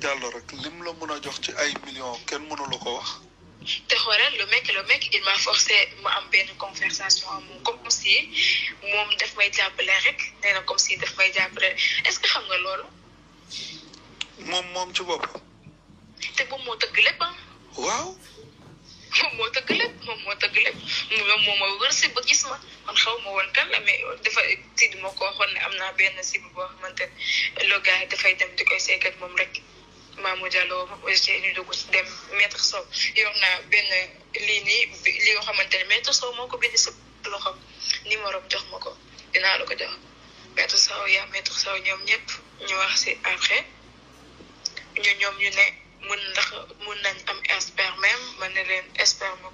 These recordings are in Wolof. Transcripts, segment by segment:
Diallo rek lim la mën a jox ci ay millions kenn mënu ko wax. te xoolal le mec le mec il m'a forcé ma am benn conversation moom comme si moom daf may jàppale rek nee na comme si daf que xam nga loolu. moom moom ci boppam. te ah. moom moo tëgg lépp moom moo tëgg lépp moom moo tëgg lépp moom moo ma wër si ba gis ma man xaw ma woon kan la mais dafa si duma ko ne am naa benn cible boo xamante ne le gars dafay dem di koy seeg moom rek. Mamou Diallo OSG ñu dugg dem maître Sow yor benn lii nii li nga xamante ne maître Sow moo ko bind si loxo numéro jox ma ko dinaa la ko jox maître Sow yaa maître Sow ñoom ñëpp ñu wax si après ñu ñoom ñu ne mun ndax nañ am sperme même ma ne leen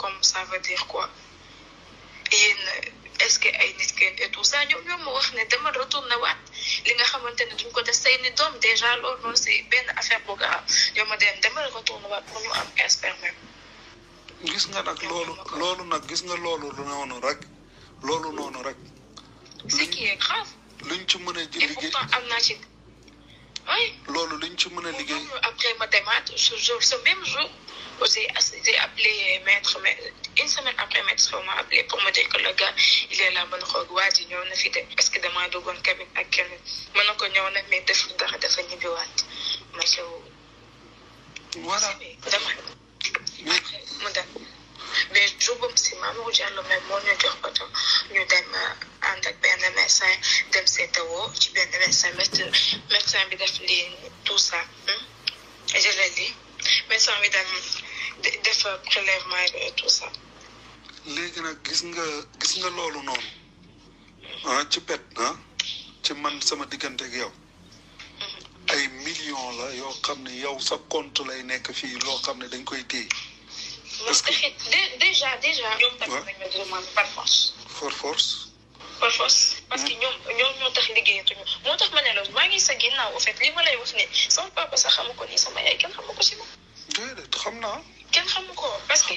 comme ça dire quoi yéen. est-ce que ay nit kenn et tout ça ñoom ñoom ma wax ne dama retourné waat li nga xamante ne duñ ko def say ni doom déjà loolu noonu c'est benn gis nga nag rek loolu noonu rek. ce qui est grave. luñ ci mën a jël liggéey et pourtant am naa ci. oui loolu luñ ci mën a liggéey. après ma demaat ce jour ce même jour aussi j'ai appelé maître mais une semaine après maître m'a appelé pour me dire que le gars il est là ma ne ko waa ji ñëw na fi de parce que damaa duggoon cabine ak kenn ma ne ko ñëw na mais def dara dafa ñibbiwaat ma sew. voilà dama après mu dem mais jour boobu si Mamadou Diallo même moo ñu jox oto ñu dem euh, ànd ak benn médecin dem seetawoo ci benn médecin médecin bi def lii hmm? tout ça léegi nag gis nga gis nga loolu noonu ah ci pet ah, ci man sama diggante ak yow mm-hmm. ay millions la yoo xam ne yow sa compte lay nekk fii loo xam ne dañ koy téye. parce que déjà déjà. ñoom tamit par force. parce que ñoom ñoom ñoo tax liggéeyatuñu moo tax ma ne la maa ngi sa ginnaaw au fait li ma lay wax ne sama ko nii sama yaay kenn ko si ma. déedéet xam naa. kenn xamu ko parce que.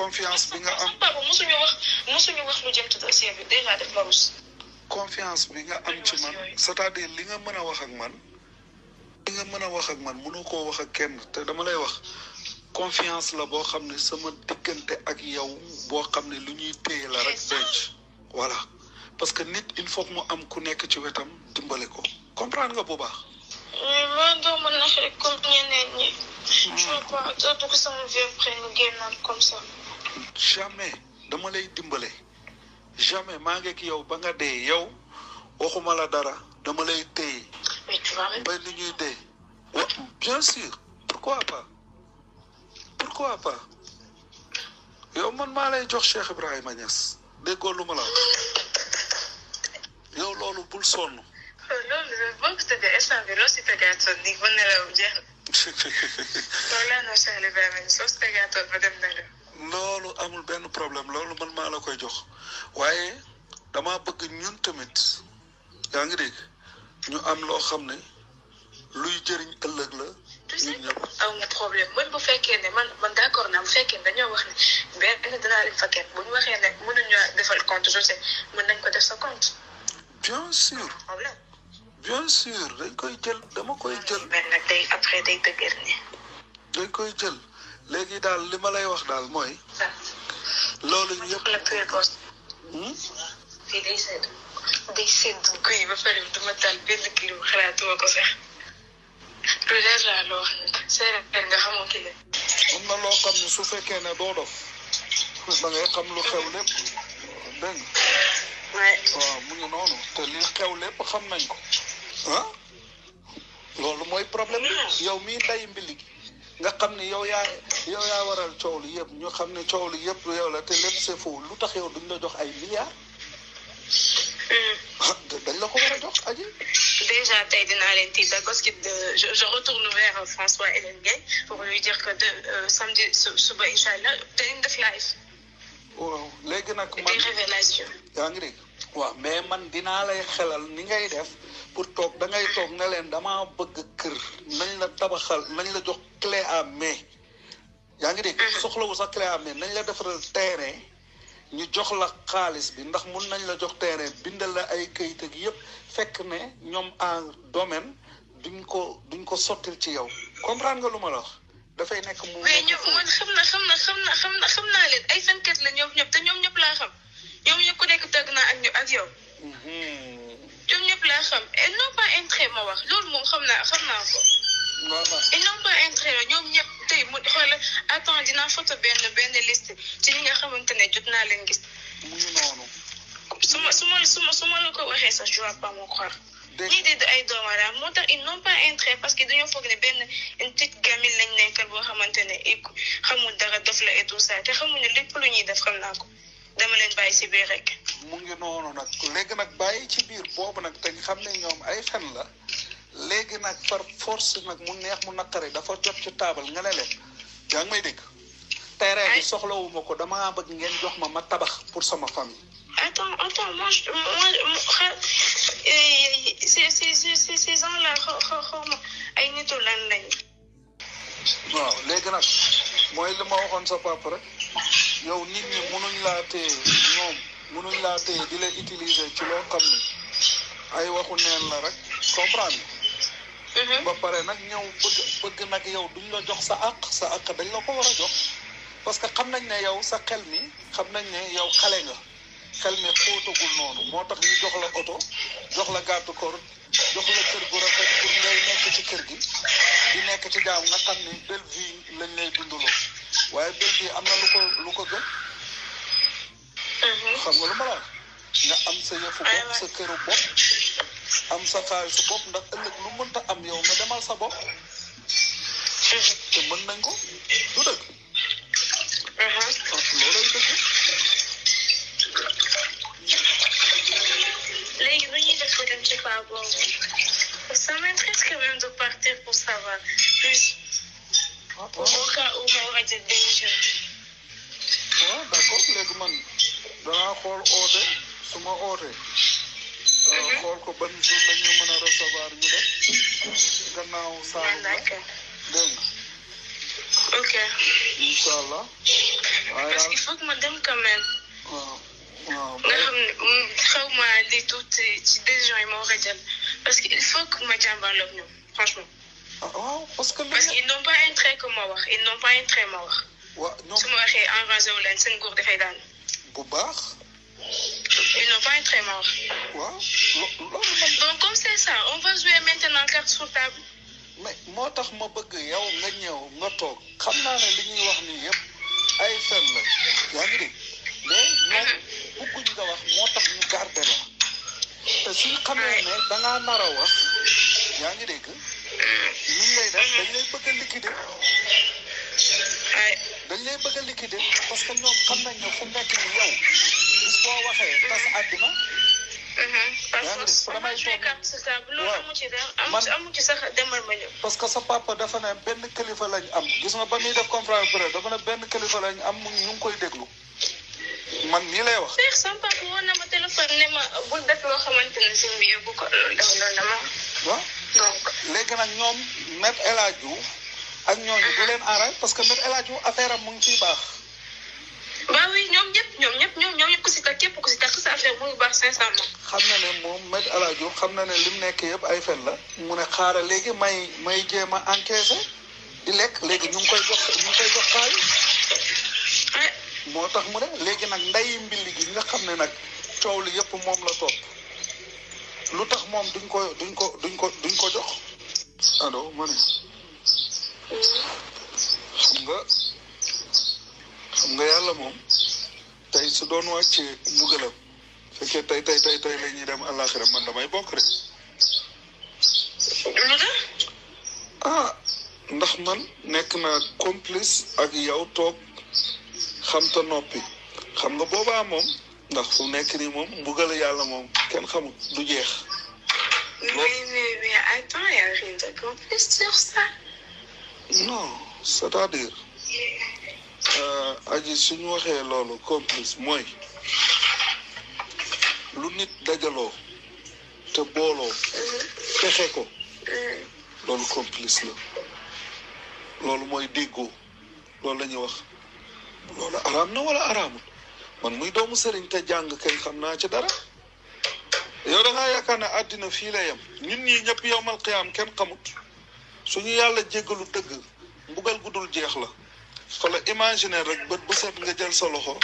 confiance bi nga am sama papa mosuñu wax mosuñu wax lu jëm ci dossier bi déjà confiance bi nga am ci man cest à li nga mën a wax man. li nga mën a wax ak man mënoo koo wax ak kenn te dama lay wax. confiance la boo xam ne sama diggante ak yow boo xam ne lu ñuy téye la rek denc voilà. parce que nit il faut mu am ku nekk ci wetam dimbale ko comprendre nga bu baax. mais man jamais dama lay dimbale jamais maa ngi yow ba nga dee yow waxuma la dara dama lay téye. ba li ñuy dee. wa bien sûr pourquoi pas pourquoi pas yow man maa lay jox Cheikh Ibrahima Niass déggoo lu ma la yow loolu bul sonn. loolu boo ko tëggee instant bi loo si tëggaatoon nii ba nelaw jeex na. Mawlana Cheikh Ibrahima soo si tëggaatoon ba dem nelaw. loolu amul benn problème loolu man maa la koy jox waaye dama bëgg ñun tamit yaa ngi dégg ñu am loo xam ne luy jëriñ ëllëg la. am aw nga problème man bu fekkee ne man man d'accord naa bu fekkee dañoo wax ne benn dinaa fa kenn bu ñu waxee ne mënuñu defal compte je sais mën nañ ko def sa compte. bien sûr bien dañ koy jël dama koy jël. mais nag day après dañ koy jël léegi daal li ma lay wax daal mooy. loolu ñëpp hmm? fii day sedd day sedd guy ba pare duma taal benn loo xam ne nga xamoo ki na loo xam ne su fekkee ne doo dof da ngay xam lu xew lépp dégg waaw mu ngi noonu te li xew lépp xam nañ ko ah loolu mooy problème bi yow mii nday mbili gi nga xam ne yow yaa yow yaa waral coow li yëpp ñu xam ne coow li yëpp yow la te lépp c'est faux lu tax yow duñ la jox ay milliards hmm. ah, dañ la ko war a jox aji déjà tey dinaa leen tiit parce que je je retourne vers euh, François Hélène Gueye pour lui dire que de euh, samedi suba incha allah dinañ def live waaw léegi nag man révélation yaa ngi dégg waaw mais man dinaa lay xelal ni ngay def pour toog da toog ne leen dama bëgg kër nañ la tabaxal nañ la jox clé à main yaa ngi dégg mm-hmm. soxlawu sax clé à main nañ la defaral terrain ñu jox la xaalis bi ndax mun nañ la jox terrain bindal la ay kayit ak yëpp fekk ne ñoom en domaine duñ ko duñ ko sottil ci yow comprend nga lu ma la dafay nekk mu. mais ñoom xam na xam na xam na xam na xam naa leen ay sànqeet la ñëw ñëpp te ñoom ñëpp laa xam ñoom ñëpp ku nekk ak ñu ak mhm. ñëpp laa xam ils n'ont pas intérêt ma wax loolu moom xam na xam naa ko. waaw waaw ils n'ont pas ñoom ñëpp tey mu xool attends dinaa photo benn benn liste ci ñi nga xamante ne jot naa leen gis. su ma su ma su su ma la ko waxee sax lii di ay doomu aadama moo tax ils n'ont pas intérêt parce que dañoo foog ne benn une petite lañ nekkal boo xamante ne xamul dara def la et tout ça te xamuñu lépp lu ñuy def xam naa ko dama leen bàyyi si biir rek. mu ngi noonu nag léegi nag ci biir boobu nag te xam ne ñoom ay fen la léegi nag par force nag mu neex mu naqare dafa jot ci taabal nga ne leen yaa ngi may dégg. terrain soxlawuma ko dama bëgg ngeen jox ma ma tabax pour sama famille. ces gens-là xaw ma ay nitu lan lañ. waaw léegi nag mooy li ma waxoon sa papa rek yow nit ñi munuñ laa téye ñoom munuñ laa téye di lay utiliser ci loo xam ne ay waxu neen la rek comprendre ba pare nag ñëw bëgg bëgg nag yow duñ la jox sa àq sa àq dañ la ko war a jox parce que xam nañ ne yow sa xel mi xam nañ ne yow xale nga. xel mi xóotagul noonu moo tax ñu jox la oto jox la garde corps jox la kër gu rafet pour ngay nekk ci kër gi di nekk ci jaam nga xam ni belle vie lañ lay dundaloo waaye belle am na lu ko lu ko gën mhm. xam nga lu ma la nga am sa yëfu bopp sa sa xaalisu bopp ndax ëllëg lu mënta am yow nga demal sa bopp mhm. te mën nañ ko du dëgg mhm. je ne sais pas bon. Ça m'intéresse quand même de partir pour savoir plus. Ah, bon. Au cas où ma war a jël démission. waaw d' accord léegi man danaa xool oote su ma ootee. xool ko ban jour la ñu mën a recevoir ñu def. gannaaw saa la dégg nga. ok. incha allah. parce que il faut que ma dem quand même. waaw. waaw nga xam mm, xaw ma li tuuti ci décision yi ma war a parce que il faut que ma jàmbaarloog ñoom franchement. Ah, ah, parce que. parce que ils pas intérêt que ma wax ils n'ont pas intérêt ma wax. waaw non su ma waxee enragé wu leen seen góor dafay daanu. pas intérêt ma donc comme c'est ça on va jouer maintenant carte sur table. mais moo tax ma bëgg yow nga ñëw nga toog xam naa ne li ñuy wax da ngaa nar a wax yaa ngi dégg. ñu lay def dañ lay bëgg a liquider. dañ lay bëgg a liquider parce que ñoom xam nañ ne fu nekk ni yow bis boo waxee tas àddina. Mhm. damay parce que sa papa dafa ne benn kilifa lañ am gis nga ba muy def conférence dafa ne benn kilifa lañ am ñu ngi koy déglu. man nii lay wax. Cheikh sama papa ma téléphone ne ma bul xamante ne si biir bu ko loolu dawloon ma. waaw donc léegi nag ñoom Me El Hadj ak ñooñu du leen aaral parce que Me El Hadj Diouf affaire mu ngi ciy baax. waaw oui ñoom ñëpp ñoom ñëpp ñoom ñëpp ku si takk képp ku si takk sa affaire mu ngi baax sincèrement. xam na ne moom Me El Hadj Diouf xam na ne lim nekk yëpp ay fen la. mu ne xaaral léegi may may jéem a encaissé di lekk léegi ñu ngi koy jox ñu moo tax mu ne léegi nag nday mbilli gi nga xam ne nag coow li yëpp moom la toog lu tax moom duñ ko duñ ko duñ ko duñ ko jox alo ma ne xam nga xam nga yàlla moom tey su doon wàccee mbugalam fekkee tey tey tey tey la ñuy dem àllaaxira man damay bokk rek ah ndax man nekk naa complice ak yow toog xam te noppi xam nga boobaa moom ndax fu nekk nii moom mbugale yàlla moom kenn xamul du jeex. mais mais mais attends, non c'est-à-dire. Euh, aji suñu waxee loolu complice mooy lu nit dajaloo te booloo fexe ko loolu complice la loolu mooy déggoo loolu la wax loolu araam na wala araamul man muy doomu sëriñ te jàng kay xam naa ci dara yow da ngaa yaakaar ne àddina fii la yem ñun ñii ñëpp yowmal qiyaam kenn xamut suñu yàlla jéggalu dëgg mbugal guddul jeex la xala imaginer rek bët bu set nga jël sa loxo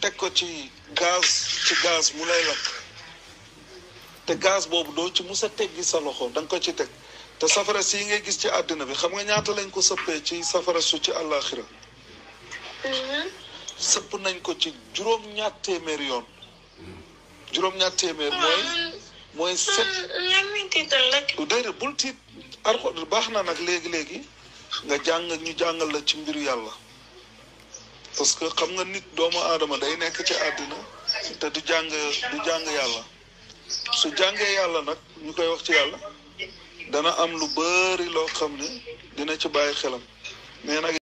teg ko ci gaz ci gaz mu lay lakk te gaz boobu doo ci musa teggi sa loxo da ko ci teg te safara si yi ngay gis ci àddina bi xam nga ñaata lañ ko sëppee ci safara su ci àllaaxira Mhm. sëpp nañ ko ci juróom-ñaar téeméer yoon juróom-ñaar téeméer mooy mooy sëpp mhm. déedéet bul tiit arko baax na nag léegi-léegi nga jàng ñu jàngal la ci mbiru yàlla parce que xam nga nit doomu aadama day nekk ci àddina te du jàng du jàng yàlla su jàngee yàlla nag ñu koy wax ci yàlla dana am lu bari loo xam ne dina ci bàyyi xelam mais nag